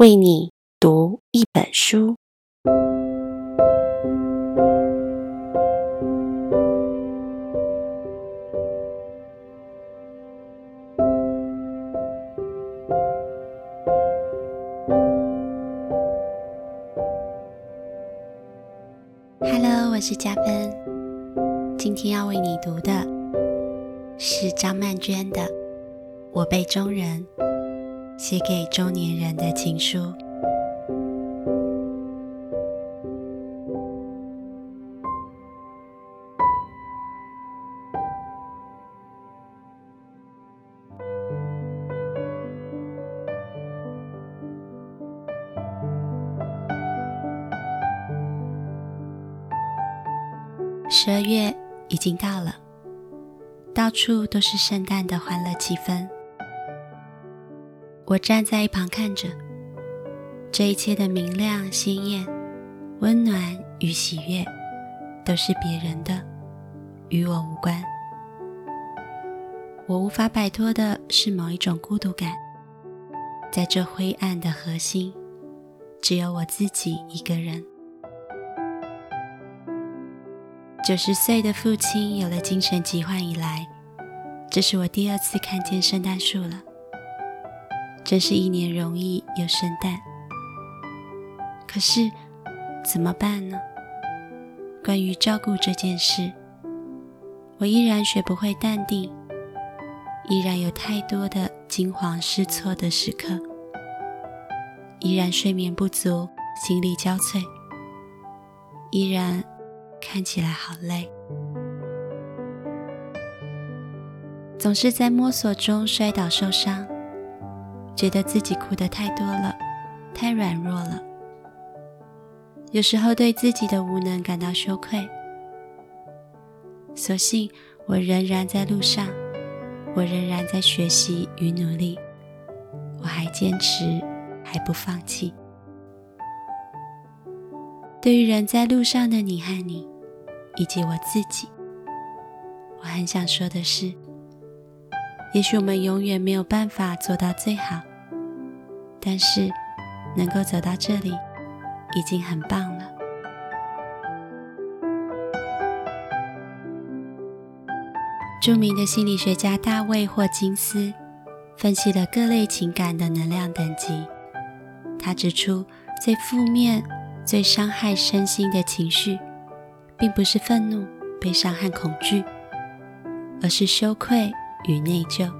為你讀一本書。Hello，我是嘉芬，今天要為你讀的是張曼娟的《我輩中人》。寫給中年人的情書。十二月已經到了，到處都是聖誕的歡樂氣氛。我站在一旁看着，這一切的明亮、鮮豔、溫暖與喜悅，都是別人的，與我無關。我無法擺脫的是某一種孤獨感，在這灰暗的核心，只有我自己一個人。九十歲的父親有了精神疾患以來，這是我第二次看見聖誕樹了。真是一年容易又聖誕，可是怎麼辦呢？關於照顧這件事，我依然學不會淡定，依然有太多的驚慌失措的時刻，依然睡眠不足，心力交瘁，依然看起來好累，總是在摸索中摔倒受傷。覺得自己哭得太多了，太軟弱了。有時候對自己的無能感到羞愧。所幸我仍然在路上，我仍然在學習與努力，我還堅持，還不放棄。對於人在路上的你和你，以及我自己，我很想說的是，也許我們永遠沒有辦法做到最好。但是，能夠走到這裡，已經很棒了。著名的心理學家大衛·霍金斯分析了各類情感的能量等級。他指出，最負面、最傷害身心的情緒，並不是憤怒、悲傷和恐懼，而是羞愧與內疚。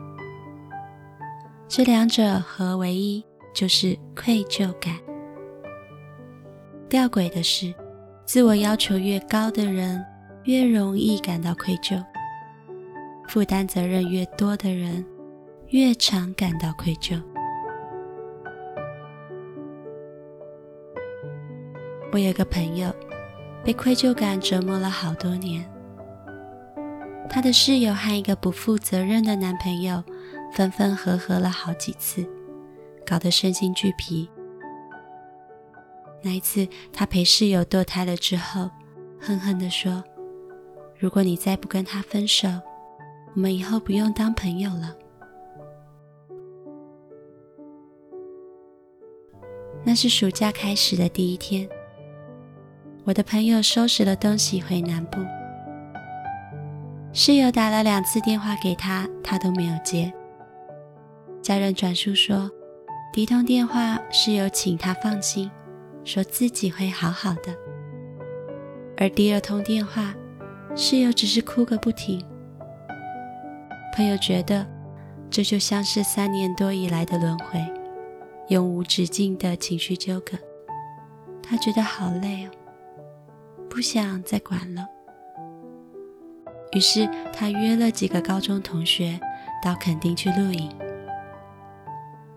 這兩者合為一。就是愧疚感。吊詭的是，自我要求越高的人，越容易感到愧疚；負擔責任越多的人，越常感到愧疚。我有個朋友，被愧疚感折磨了好多年。他的室友和一個不負責任的男朋友分分合合了好幾次。搞得身心俱疲。那一次，他陪室友墮胎了之後，恨恨地說：“如果你再不跟他分手，我們以後不用當朋友了。”那是暑假開始的第一天，我的朋友收拾了東西回南部，室友打了兩次電話給他，他都沒有接。家人轉述說，第一通電話，室友請他放心，說自己會好好的。而第二通電話，室友只是哭個不停。朋友覺得這就像是三年多以來的輪回，永無止境的情緒糾葛。他覺得好累哦，不想再管了。於是他約了幾個高中同學到墾丁去露營。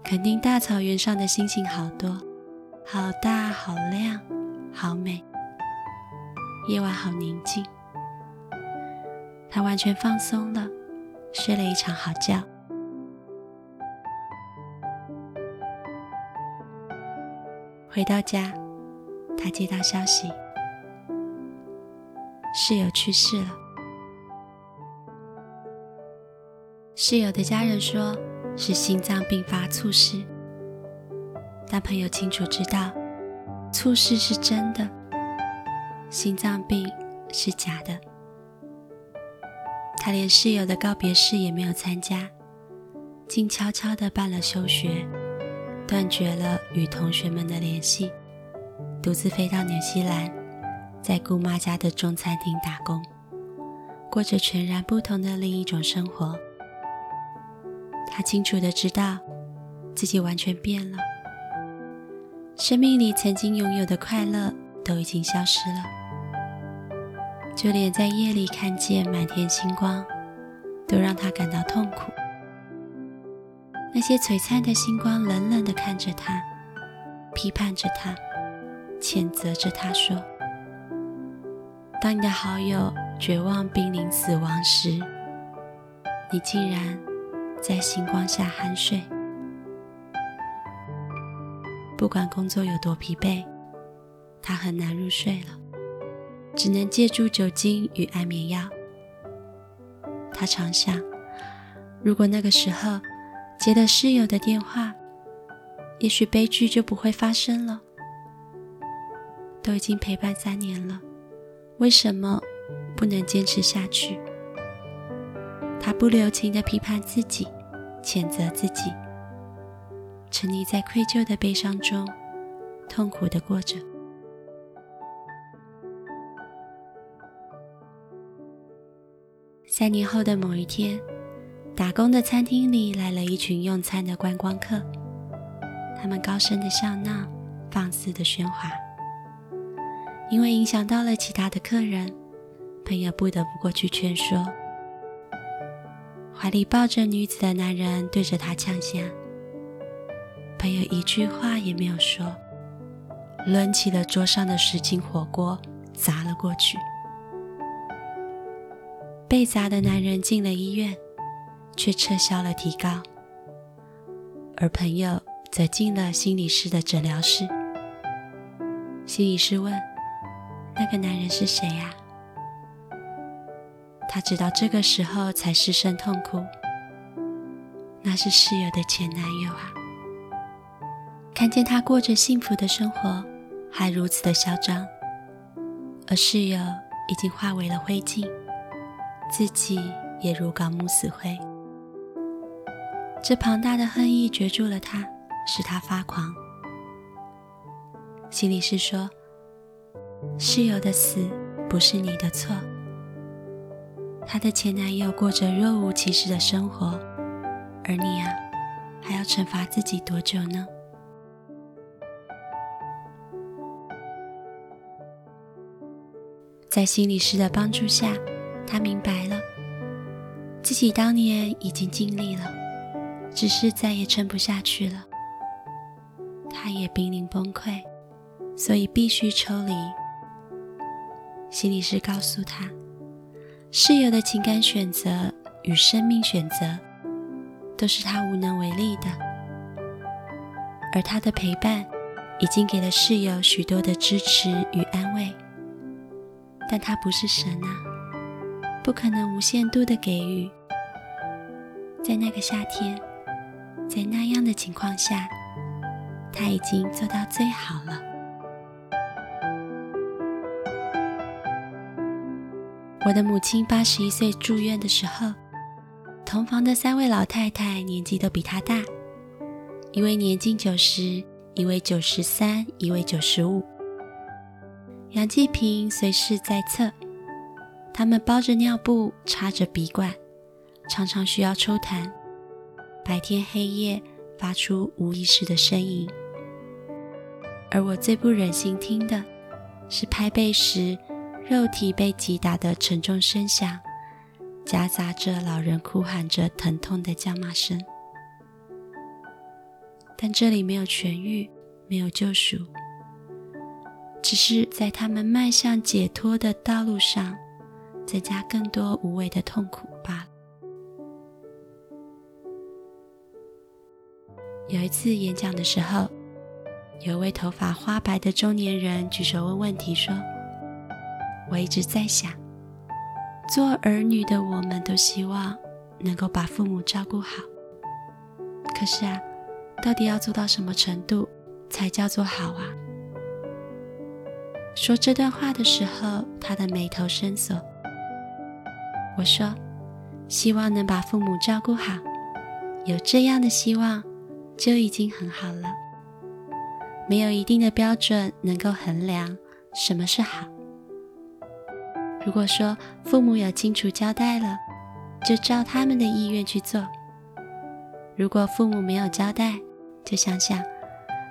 肯定大草原上的星星好多，好大，好亮，好美。夜晚好寧靜。他完全放鬆了，睡了一場好覺。回到家，他接到消息，室友去世了。室友的家人說，是心臟病發猝死，但朋友清楚知道，猝死是真的，心臟病是假的。他連室友的告別式也沒有參加，靜悄悄地辦了休學，斷絕了與同學們的聯繫，獨自飛到紐西蘭，在姑媽家的中餐廳打工，過着全然不同的另一種生活。他清楚地知道自己完全變了，生命裡曾經擁有的快樂都已經消失了，就連在夜裡看見滿天星光，都讓他感到痛苦。那些璀璨的星光冷冷地看着他，批判着他，譴責着他說：“當你的好友絕望瀕臨死亡時，你竟然……”在星光下酣睡，不管工作有多疲憊，他很難入睡了，只能借助酒精與安眠藥。他常想，如果那個時候接了室友的電話，也許悲劇就不會發生了。都已經陪伴三年了，為什麼不能堅持下去？他不留情的批判自己、譴責自己，沉溺在愧疚的悲傷中，痛苦的過着。 三年後的某一天，打工的餐廳裡來了一群用餐的觀光客，他們高聲的笑鬧，放肆的喧嘩，因為影響到了其他的客人，朋友不得不過去勸說。懷裡抱着女子的男人對着他嗆聲，朋友一句話也沒有說，掄起了桌上的十斤火鍋砸了過去。被砸的男人進了醫院，卻撤銷了提告，而朋友則進了心理師的診療室。心理師問：“那個男人是誰呀、啊？”他直到這個時候才失聲痛哭，那是室友的前男友啊！看見他過着幸福的生活，還如此的囂張，而室友已經化為了灰燼，自己也如槁木死灰。這龐大的恨意攫住了他，使他發狂。心理師說：“室友的死不是你的錯。”她的前男友過着若無其事的生活，而你呀，還要懲罰自己多久呢？在心理師的幫助下，她明白了，自己當年已經盡力了，只是再也撐不下去了。她也瀕臨崩潰，所以必須抽離。心理師告訴她。室友的情感選擇與生命選擇，都是他無能為力的。而他的陪伴，已經給了室友許多的支持與安慰。但他不是神啊，不可能無限度的給予。在那個夏天，在那樣的情況下，他已經做到最好了。我的母親八十一歲住院的時候，同房的三位老太太年紀都比她大，一位年近九十，一位九十三，一位九十五。氧氣瓶隨時在側，她們包着尿布，插着鼻管，常常需要抽痰，白天黑夜發出無意識的呻吟。而我最不忍心聽的是拍背時。肉體被擊打的沉重聲響，夾雜着老人哭喊着疼痛的叫罵聲。但這裡沒有痊癒，沒有救贖，只是在他們邁向解脫的道路上，增加更多無謂的痛苦罷了。有一次演講的時候，有位頭髮花白的中年人舉手問問題說。我一直在想，做兒女的我們都希望能夠把父母照顧好。可是啊，到底要做到什麼程度才叫做好啊？說這段話的時候，他的眉頭深鎖。我說，希望能把父母照顧好，有這樣的希望就已經很好了。沒有一定的標準能夠衡量什麼是好。如果說父母有清楚交代了，就照他們的意願去做；如果父母沒有交代，就想想，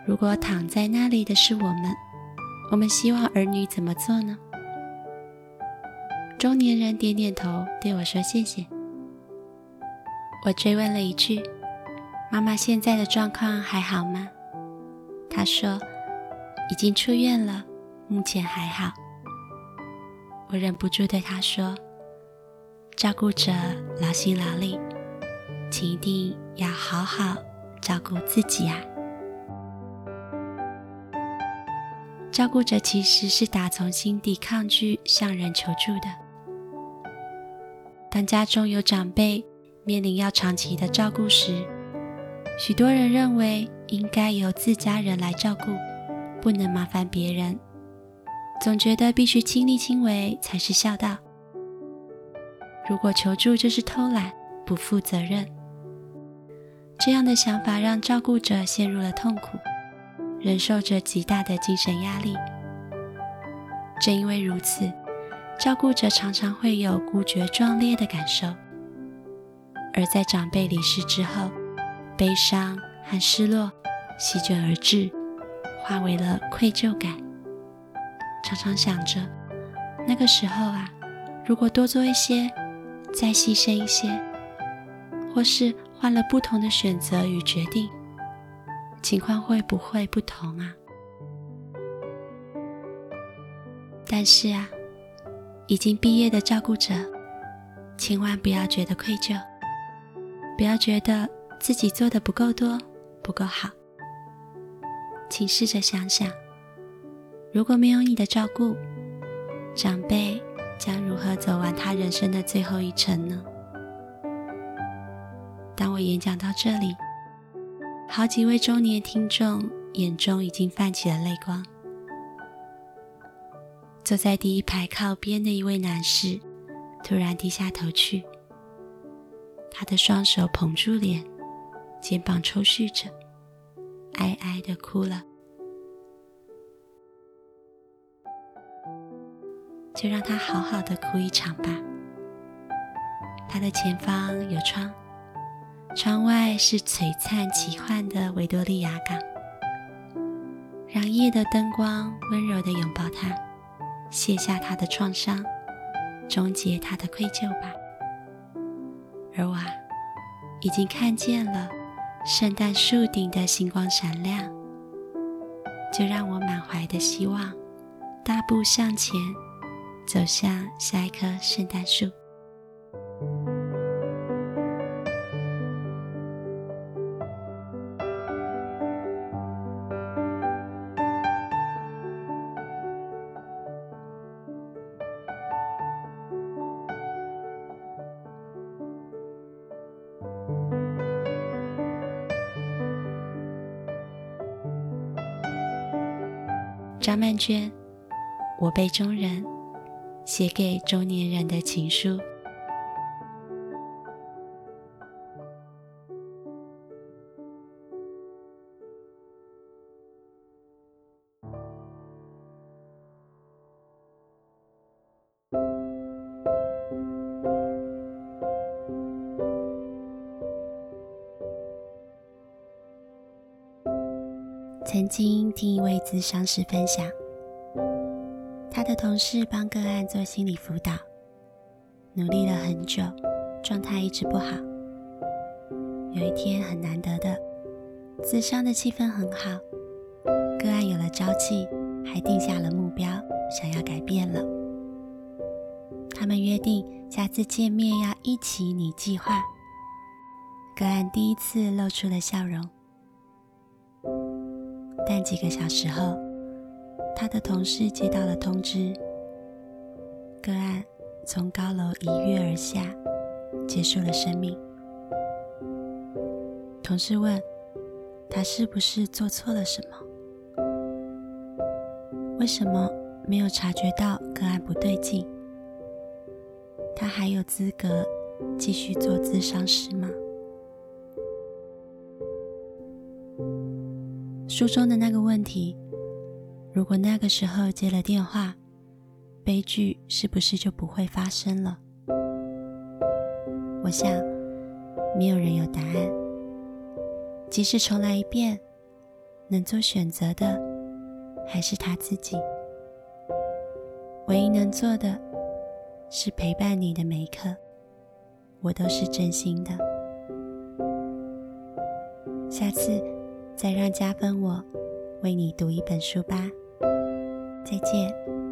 如果躺在那裡的是我們，我們希望兒女怎麼做呢？中年人點點頭，對我說：“謝謝。”我追問了一句：“媽媽現在的狀況還好嗎？”他說：“已經出院了，目前還好。”我忍不住對他說：“照顧者勞心勞力，請一定要好好照顧自己啊！”照顧者其實是打從心底抗拒向人求助的。當家中有長輩面臨要長期的照顧時，許多人認為應該由自家人來照顧，不能麻煩別人。總覺得必須親力親為才是孝道，如果求助就是偷懶、不負責任。這樣的想法讓照顧者陷入了痛苦，忍受着極大的精神壓力。正因為如此，照顧者常常會有孤絕壯烈的感受，而在長輩離世之後，悲傷和失落席捲而至，化為了愧疚感。常常想着那個時候啊，如果多做一些，再犧牲一些，或是換了不同的選擇與決定，情況會不會不同啊？但是啊，已經畢業的照顧者，千萬不要覺得愧疚，不要覺得自己做得不夠多，不夠好。請試着想想。如果沒有你的照顧，長輩將如何走完他人生的最後一程呢？當我演講到這裡，好幾位中年聽眾眼中已經泛起了淚光。坐在第一排靠邊的一位男士突然低下頭去，他的雙手捧住臉，肩膀抽搐着，哀哀地哭了。就讓他好好的哭一場吧。他的前方有窗，窗外是璀璨奇幻的維多利亞港。讓夜的燈光溫柔的擁抱他，卸下他的創傷，終結他的愧疚吧。而我，已經看見了聖誕樹頂的星光閃亮，就讓我滿懷的希望，大步向前。走向下一棵聖誕樹。張曼娟，我輩中人。寫給中年人的情書。曾經聽一位諮商師分享。他的同事幫個案做心理輔導，努力了很久，狀態一直不好。有一天很難得的，諮商的氣氛很好，個案有了朝氣，還定下了目標，想要改變了。他們約定下次見面要一起擬計劃。個案第一次露出了笑容，但幾個小時後。他的同事接到了通知，個案從高樓一躍而下，結束了生命。同事問他是不是做錯了什麼？為什麼沒有察覺到個案不對勁？他還有資格繼續做諮商師嗎？書中的那個問題。如果那個時候接了電話，悲劇是不是就不會發生了？我想，沒有人有答案。即使重來一遍，能做選擇的還是他自己。唯一能做的，是陪伴你的每一刻，我都是真心的。下次再讓加分，我為你讀一本書吧。再見。